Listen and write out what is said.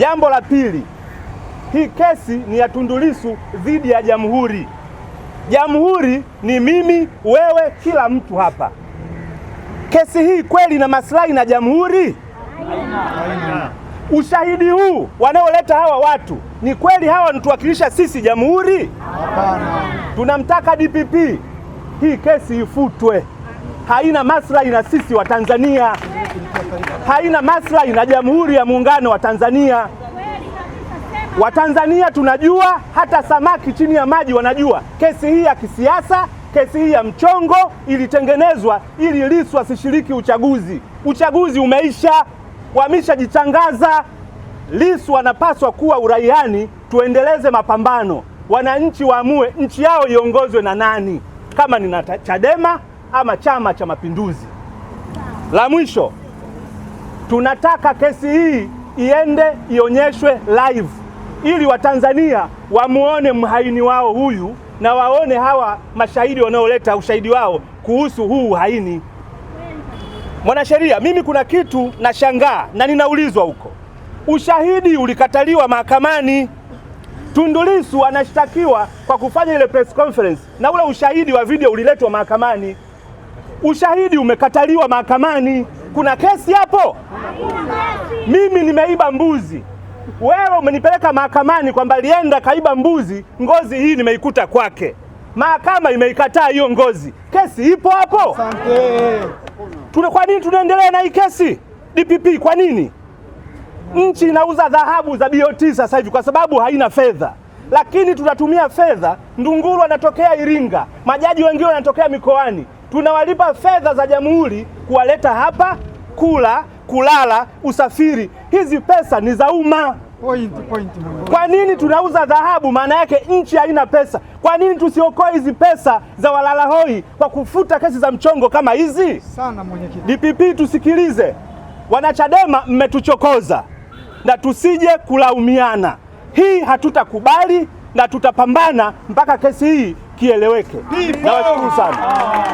Jambo la pili, hii kesi ni ya Tundu Lissu dhidi ya jamhuri. Jamhuri ni mimi, wewe, kila mtu hapa. Kesi hii kweli na maslahi na jamhuri? Haina. Ushahidi huu wanaoleta hawa watu ni kweli hawa wanatuwakilisha sisi jamhuri? Hapana. Tunamtaka DPP hii kesi ifutwe haina maslahi na sisi wa Tanzania, haina maslahi na Jamhuri ya Muungano wa Tanzania. Watanzania tunajua, hata samaki chini ya maji wanajua. Kesi hii ya kisiasa, kesi hii ya mchongo ilitengenezwa ili Lissu asishiriki uchaguzi. Uchaguzi umeisha, wameshajitangaza. Lissu anapaswa kuwa uraiani. Tuendeleze mapambano, wananchi waamue nchi yao iongozwe na nani, kama ni na Chadema ama Chama cha Mapinduzi. La mwisho, tunataka kesi hii iende ionyeshwe live ili Watanzania wamuone mhaini wao huyu na waone hawa mashahidi wanaoleta ushahidi wao kuhusu huu uhaini. Mwanasheria, mimi kuna kitu nashangaa na ninaulizwa huko, ushahidi ulikataliwa mahakamani. Tundu Lissu anashtakiwa kwa kufanya ile press conference na ule ushahidi wa video uliletwa mahakamani. Ushahidi umekataliwa mahakamani. Kuna kesi hapo? Mimi nimeiba mbuzi, wewe umenipeleka mahakamani kwamba lienda kaiba mbuzi, ngozi hii nimeikuta kwake. Mahakama imeikataa hiyo ngozi, kesi ipo hapo. Tuna kwa nini tunaendelea na hii kesi DPP? Kwa nini nchi inauza dhahabu za BOT sasa hivi? Kwa sababu haina fedha, lakini tunatumia fedha. Ndunguru anatokea Iringa, majaji wengine wanatokea mikoani tunawalipa fedha za jamhuri kuwaleta hapa, kula, kulala, usafiri. Hizi pesa ni za umma. Kwa nini tunauza dhahabu? Maana yake nchi haina pesa. Kwa nini tusiokoe hizi pesa za walala hoi kwa kufuta kesi za mchongo kama hizi? Sana mwenyekiti. DPP, tusikilize. Wanachadema, mmetuchokoza na tusije kulaumiana. Hii hatutakubali na tutapambana mpaka kesi hii kieleweke. Nawashukuru sana.